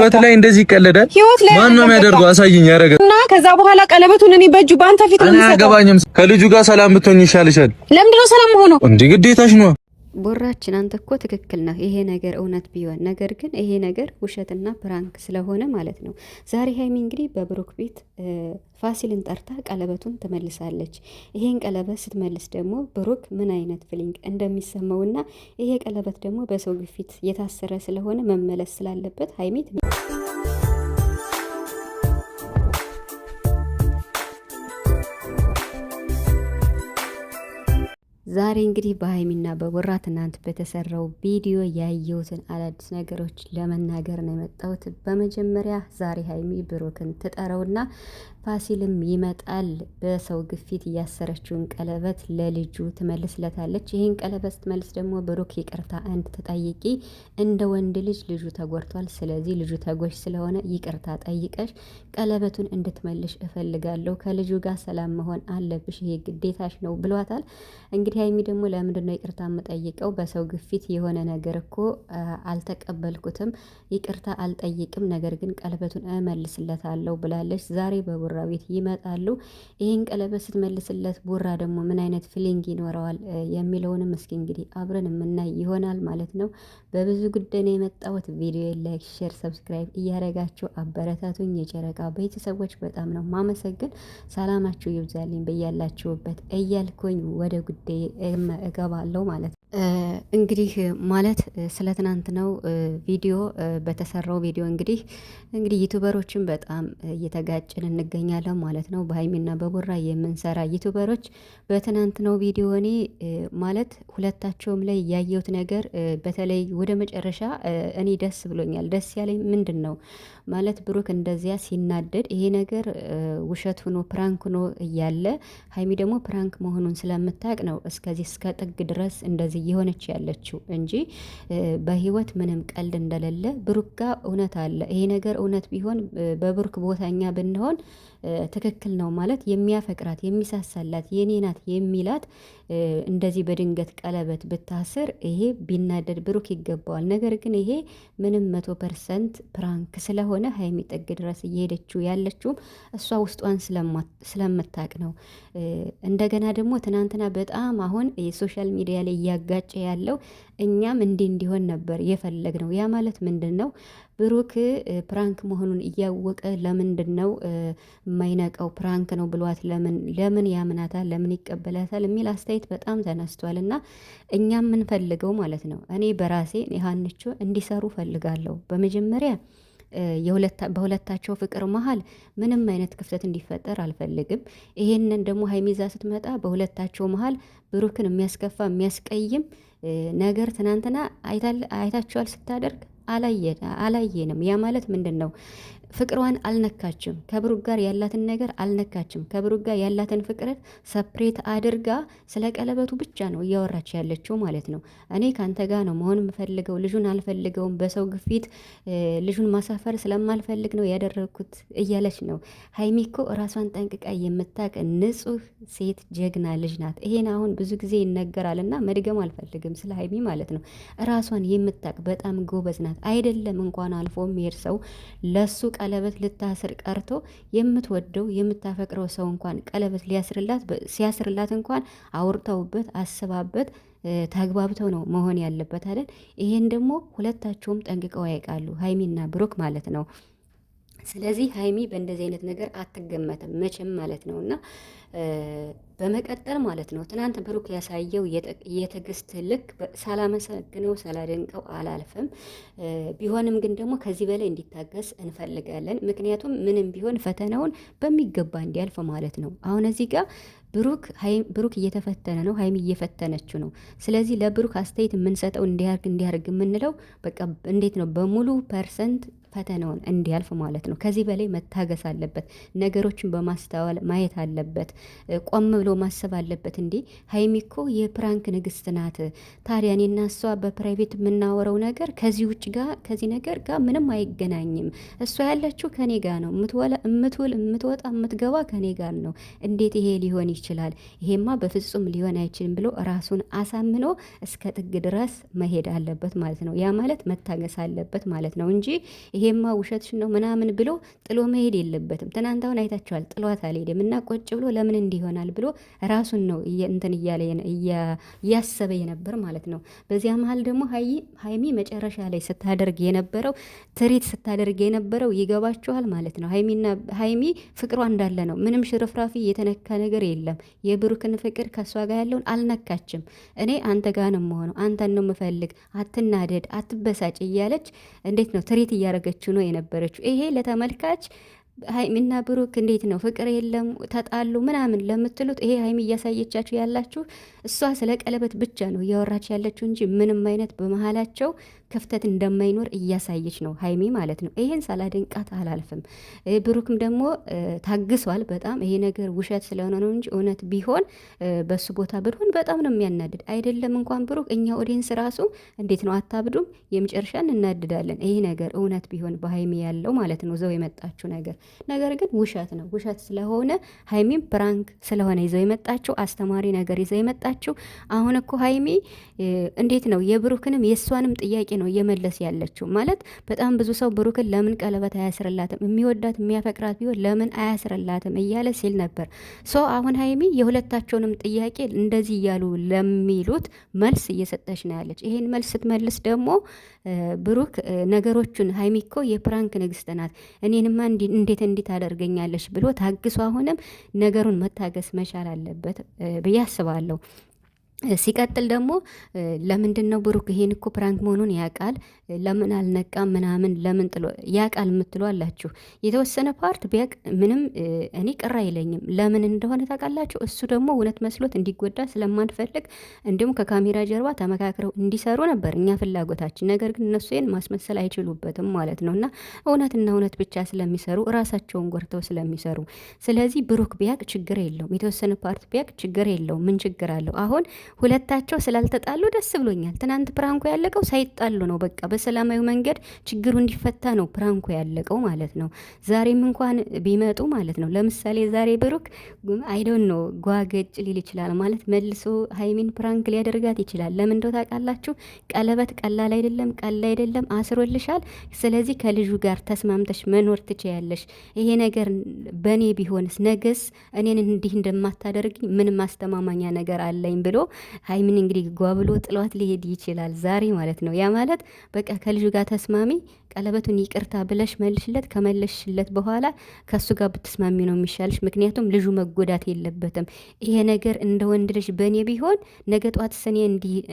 ህይወት ላይ እንደዚህ ይቀለዳል? ህይወት ላይ ማን ነው የሚያደርገው? አሳይኝ። ያደረገ እና ከዛ በኋላ ቀለበቱን እኔ በእጁ በአንተ ፊት ነው የምሰጠው። አያገባኝም። ከልጁ ጋር ሰላም ብትሆኝ ይሻልሻል። ለምንድን ነው ሰላም ሆኖ እንዴ? ግዴታሽ ነው ቦራችን አንተ እኮ ትክክል ነህ፣ ይሄ ነገር እውነት ቢሆን ነገር ግን ይሄ ነገር ውሸትና ፕራንክ ስለሆነ ማለት ነው። ዛሬ ሀይሚ እንግዲህ በብሩክ ቤት ፋሲልን ጠርታ ቀለበቱን ትመልሳለች። ይሄን ቀለበት ስትመልስ ደግሞ ብሩክ ምን አይነት ፊሊንግ እንደሚሰማውና ይሄ ቀለበት ደግሞ በሰው ግፊት የታሰረ ስለሆነ መመለስ ስላለበት ሀይሚ ዛሬ እንግዲህ በሀይሚና በቡራ ትናንት በተሰራው ቪዲዮ ያየሁትን አዳዲስ ነገሮች ለመናገር ነው የመጣሁት። በመጀመሪያ ዛሬ ሀይሚ ብሩክን ትጠረውና። ፋሲልም ይመጣል በሰው ግፊት እያሰረችውን ቀለበት ለልጁ ትመልስለታለች። ይህን ቀለበት ስትመልስ ደግሞ ብሩክ ይቅርታ እንድትጠይቂ እንደ ወንድ ልጅ ልጁ ተጎድቷል፣ ስለዚህ ልጁ ተጎሽ ስለሆነ ይቅርታ ጠይቀሽ ቀለበቱን እንድትመልሽ እፈልጋለሁ፣ ከልጁ ጋር ሰላም መሆን አለብሽ፣ ይሄ ግዴታሽ ነው ብሏታል። እንግዲህ ሀይሚ ደግሞ ለምንድን ነው ይቅርታ የምጠይቀው? በሰው ግፊት የሆነ ነገር እኮ አልተቀበልኩትም፣ ይቅርታ አልጠይቅም፣ ነገር ግን ቀለበቱን እመልስለታለሁ ብላለች ዛሬ በቡ ቦራ ቤት ይመጣሉ። ይህን ቀለበት ስትመልስለት ቦራ ደግሞ ምን አይነት ፊሊንግ ይኖረዋል የሚለውንም እስኪ እንግዲህ አብረን የምናይ ይሆናል ማለት ነው። በብዙ ጉዳይ ነው የመጣሁት። ቪዲዮ ላይክ፣ ሼር፣ ሰብስክራይብ እያደረጋችሁ አበረታቱኝ። የጨረቃ ቤተሰቦች በጣም ነው ማመሰግን። ሰላማችሁ ይብዛልኝ በያላችሁበት እያልኩኝ ወደ ጉዳይ እገባለሁ ማለት ነው። እንግዲህ ማለት ስለ ነው ቪዲዮ በተሰራው ቪዲዮ እንግዲህ እንግዲህ ዩቱበሮችን በጣም እየተጋጭን እንገኛል እንገኛለን ማለት ነው። በሀይሚና በቡራ የምንሰራ ዩቱበሮች በትናንትናው ቪዲዮ እኔ ማለት ሁለታቸውም ላይ ያየሁት ነገር በተለይ ወደ መጨረሻ እኔ ደስ ብሎኛል። ደስ ያለኝ ምንድን ነው ማለት ብሩክ እንደዚያ ሲናደድ ይሄ ነገር ውሸት ሆኖ ፕራንክ ሆኖ እያለ ሀይሚ ደግሞ ፕራንክ መሆኑን ስለምታቅ ነው እስከዚህ እስከ ጥግ ድረስ እንደዚህ እየሆነች ያለችው እንጂ በህይወት ምንም ቀልድ እንደሌለ ብሩክ ጋር እውነት አለ። ይሄ ነገር እውነት ቢሆን በብሩክ ቦታኛ ብንሆን ትክክል ነው ማለት የሚያፈቅራት የሚሳሳላት የኔ ናት የሚላት እንደዚህ በድንገት ቀለበት ብታስር ይሄ ቢናደድ ብሩክ ይገባዋል። ነገር ግን ይሄ ምንም መቶ ፐርሰንት ፕራንክ ስለሆነ ሀይሚ ጥግ ድረስ እየሄደችው ያለችውም እሷ ውስጧን ስለምታቅ ነው። እንደገና ደግሞ ትናንትና በጣም አሁን የሶሻል ሚዲያ ላይ እያጋጨ ያለው እኛም እንዲህ እንዲሆን ነበር የፈለግ ነው። ያ ማለት ምንድን ነው? ብሩክ ፕራንክ መሆኑን እያወቀ ለምንድን ነው የማይነቀው? ፕራንክ ነው ብሏት ለምን ለምን ያምናታል? ለምን ይቀበላታል? የሚል አስተያየት በጣም ተነስቷል። እና እኛም የምንፈልገው ማለት ነው እኔ በራሴ ሀንቾ እንዲሰሩ ፈልጋለሁ በመጀመሪያ በሁለታቸው ፍቅር መሀል ምንም አይነት ክፍተት እንዲፈጠር አልፈልግም። ይሄንን ደግሞ ሀይሚዛ ስትመጣ በሁለታቸው መሀል ብሩክን የሚያስከፋ የሚያስቀይም ነገር ትናንትና አይታችኋል ስታደርግ አላየንም። ያ ማለት ምንድን ነው? ፍቅሯን አልነካችም። ከብሩክ ጋር ያላትን ነገር አልነካችም። ከብሩክ ጋር ያላትን ፍቅር ሰፕሬት አድርጋ ስለ ቀለበቱ ብቻ ነው እያወራች ያለችው ማለት ነው። እኔ ከአንተ ጋር ነው መሆን የምፈልገው፣ ልጁን አልፈልገውም፣ በሰው ግፊት ልጁን ማሳፈር ስለማልፈልግ ነው ያደረግኩት እያለች ነው። ሀይሚኮ ራሷን ጠንቅቃ የምታቅ ንጹህ ሴት ጀግና ልጅ ናት። ይሄን አሁን ብዙ ጊዜ ይነገራልና መድገም አልፈልግም፣ ስለ ሀይሚ ማለት ነው። ራሷን የምታቅ በጣም ጎበዝ ናት። አይደለም እንኳን አልፎ የሚሄድ ሰው ለሱ ቀለበት ልታስር ቀርቶ የምትወደው የምታፈቅረው ሰው እንኳን ቀለበት ሊያስርላት ሲያስርላት እንኳን አውርተውበት አስባበት ተግባብተው ነው መሆን ያለበት አይደል? ይሄን ደግሞ ሁለታቸውም ጠንቅቀው ያውቃሉ ሀይሚና ብሩክ ማለት ነው። ስለዚህ ሀይሚ በእንደዚህ አይነት ነገር አትገመትም መቼም ማለት ነው እና በመቀጠል ማለት ነው ትናንት ብሩክ ያሳየው የትዕግስት ልክ ሳላመሰግነው ሳላደንቀው አላልፍም። ቢሆንም ግን ደግሞ ከዚህ በላይ እንዲታገስ እንፈልጋለን። ምክንያቱም ምንም ቢሆን ፈተናውን በሚገባ እንዲያልፍ ማለት ነው። አሁን እዚህ ጋር ብሩክ ብሩክ እየተፈተነ ነው፣ ሀይሚ እየፈተነችው ነው። ስለዚህ ለብሩክ አስተያየት የምንሰጠው እንዲያርግ እንዲያርግ የምንለው በቃ እንዴት ነው በሙሉ ፐርሰንት ፈተናውን እንዲያልፍ ማለት ነው። ከዚህ በላይ መታገስ አለበት። ነገሮችን በማስተዋል ማየት አለበት። ቆም ብሎ ማሰብ አለበት። እንዲህ ሀይሚኮ የፕራንክ ንግስት ናት። ታዲያ እኔና እሷ በፕራይቬት የምናወረው ነገር ከዚህ ውጭ ጋር ከዚህ ነገር ጋር ምንም አይገናኝም። እሷ ያለችው ከኔ ጋር ነው። የምትውል የምትወጣ የምትገባ ከኔ ጋር ነው። እንዴት ይሄ ሊሆን ይችላል? ይሄማ በፍጹም ሊሆን አይችልም ብሎ ራሱን አሳምኖ እስከ ጥግ ድረስ መሄድ አለበት ማለት ነው። ያ ማለት መታገስ አለበት ማለት ነው እንጂ ይሄማ ውሸትሽ ነው ምናምን ብሎ ጥሎ መሄድ የለበትም። ትናንት አሁን አይታችኋል፣ ጥሏት አልሄድም እና ቆጭ ብሎ ለምን እንዲሆናል ብሎ ራሱን ነው እንትን እያለ እያሰበ የነበር ማለት ነው። በዚያ መሀል ደግሞ ሀይሚ መጨረሻ ላይ ስታደርግ የነበረው ትሪት ስታደርግ የነበረው ይገባችኋል ማለት ነው። ሀይሚ ፍቅሯ እንዳለ ነው። ምንም ሽርፍራፊ የተነካ ነገር የለም። የብሩክን ፍቅር ከእሷ ጋር ያለውን አልነካችም። እኔ አንተ ጋር ነው የምሆነው፣ አንተን ነው የምፈልግ፣ አትናደድ፣ አትበሳጭ እያለች እንዴት ነው ትሪት እያደረገ እያደረገችው ነው የነበረችው። ይሄ ለተመልካች ሀይሚና ብሩክ እንዴት ነው ፍቅር የለም ተጣሉ ምናምን ለምትሉት ይሄ ሀይሚ እያሳየቻችሁ ያላችሁ እሷ ስለ ቀለበት ብቻ ነው እያወራች ያለችው እንጂ ምንም አይነት በመሀላቸው ክፍተት እንደማይኖር እያሳየች ነው ሀይሚ ማለት ነው። ይሄን ሳላደንቃት አላልፍም። ብሩክም ደግሞ ታግሷል በጣም ይሄ ነገር ውሸት ስለሆነ ነው እንጂ እውነት ቢሆን በሱ ቦታ ብንሆን በጣም ነው የሚያናድድ። አይደለም እንኳን ብሩክ እኛ ኦዲንስ ራሱ እንዴት ነው አታብዱም? የመጨረሻ እናድዳለን። ይሄ ነገር እውነት ቢሆን በሀይሚ ያለው ማለት ነው ዘው የመጣችው ነገር ነገር ግን ውሸት ነው። ውሸት ስለሆነ ሀይሚም ፕራንክ ስለሆነ ይዘው የመጣችው አስተማሪ ነገር ይዘው የመጣችው። አሁን እኮ ሀይሚ እንዴት ነው የብሩክንም የእሷንም ጥያቄ ነው እየመለስ ያለችው። ማለት በጣም ብዙ ሰው ብሩክን ለምን ቀለበት አያስርላትም የሚወዳት የሚያፈቅራት ቢሆን ለምን አያስርላትም እያለ ሲል ነበር። ሶ አሁን ሀይሚ የሁለታቸውንም ጥያቄ እንደዚህ እያሉ ለሚሉት መልስ እየሰጠች ነው ያለች። ይሄን መልስ ስትመልስ ደግሞ ብሩክ ነገሮቹን ሀይሚ እኮ የፕራንክ ንግስት ናት እኔንማ እንዴት እንዴት እንዲህ አደርገኛለሽ ብሎ ታግሶ አሁንም ነገሩን መታገስ መቻል አለበት ብዬ አስባለሁ። ሲቀጥል ደግሞ ለምንድን ነው ብሩክ ይሄን እኮ ፕራንክ መሆኑን ያቃል፣ ለምን አልነቃም ምናምን ለምን ጥሎ ያቃል የምትሉ አላችሁ። የተወሰነ ፓርት ቢያቅ ምንም እኔ ቅር አይለኝም። ለምን እንደሆነ ታውቃላችሁ። እሱ ደግሞ እውነት መስሎት እንዲጎዳ ስለማንፈልግ እንዲሁም ከካሜራ ጀርባ ተመካክረው እንዲሰሩ ነበር እኛ ፍላጎታችን። ነገር ግን እነሱ ይሄን ማስመሰል አይችሉበትም ማለት ነው እና እውነትና እውነት ብቻ ስለሚሰሩ ራሳቸውን ጎርተው ስለሚሰሩ፣ ስለዚህ ብሩክ ቢያቅ ችግር የለውም። የተወሰነ ፓርት ቢያቅ ችግር የለውም። ምን ችግር አለው አሁን ሁለታቸው ስላልተጣሉ ደስ ብሎኛል። ትናንት ፕራንኮ ያለቀው ሳይጣሉ ነው። በቃ በሰላማዊ መንገድ ችግሩ እንዲፈታ ነው ፕራንኮ ያለቀው ማለት ነው። ዛሬም እንኳን ቢመጡ ማለት ነው። ለምሳሌ ዛሬ ብሩክ አይዶን ነው ጓገጭ ሊል ይችላል ማለት መልሶ ሀይሚን ፕራንክ ሊያደርጋት ይችላል። ለምን እንደው ታውቃላችሁ፣ ቀለበት ቀላል አይደለም፣ ቀላል አይደለም፣ አስሮልሻል። ስለዚህ ከልጁ ጋር ተስማምተሽ መኖር ትችያለሽ። ይሄ ነገር በእኔ ቢሆንስ ነገስ እኔን እንዲህ እንደማታደርግኝ ምን ማስተማማኛ ነገር አለኝ ብሎ ሀይሚን እንግዲህ ጓብሎ ጥሏት ሊሄድ ይችላል ዛሬ ማለት ነው። ያ ማለት በቃ ከልጁ ጋር ተስማሚ፣ ቀለበቱን ይቅርታ ብለሽ መልሽለት። ከመለሽለት በኋላ ከእሱ ጋር ብትስማሚ ነው የሚሻልሽ። ምክንያቱም ልጁ መጎዳት የለበትም። ይሄ ነገር እንደ ወንድ ልጅ በእኔ ቢሆን ነገ ጧት ሰኔ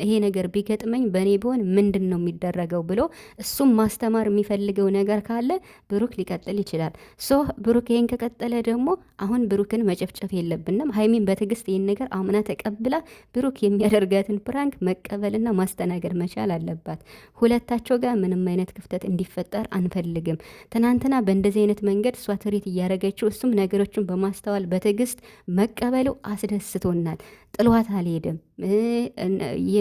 ይሄ ነገር ቢገጥመኝ በእኔ ቢሆን ምንድን ነው የሚደረገው ብሎ እሱም ማስተማር የሚፈልገው ነገር ካለ ብሩክ ሊቀጥል ይችላል። ሶ ብሩክ ይሄን ከቀጠለ ደግሞ አሁን ብሩክን መጨፍጨፍ የለብንም። ሀይሚን በትዕግስት ይህን ነገር አምና ተቀብላ ብሩክ ብሩክ የሚያደርጋትን ፕራንክ መቀበልና ማስተናገድ መቻል አለባት። ሁለታቸው ጋር ምንም አይነት ክፍተት እንዲፈጠር አንፈልግም። ትናንትና በእንደዚህ አይነት መንገድ እሷ ትሪት እያደረገችው፣ እሱም ነገሮችን በማስተዋል በትዕግስት መቀበሉ አስደስቶናል። ጥሏት አልሄደም።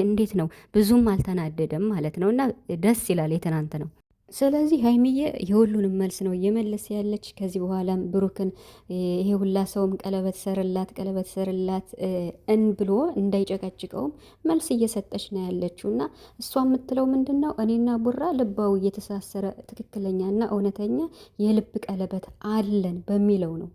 እንዴት ነው ብዙም አልተናደደም ማለት ነው። እና ደስ ይላል የትናንት ነው። ስለዚህ ሀይሚዬ የሁሉንም መልስ ነው እየመለስ ያለች። ከዚህ በኋላም ብሩክን ይሄ ሁላ ሰውም ቀለበት ሰርላት ቀለበት ሰርላት እን ብሎ እንዳይጨቀጭቀውም መልስ እየሰጠች ነው ያለችው እና እሷ የምትለው ምንድን ነው እኔና ቡራ ልባው እየተሳሰረ ትክክለኛና እውነተኛ የልብ ቀለበት አለን በሚለው ነው።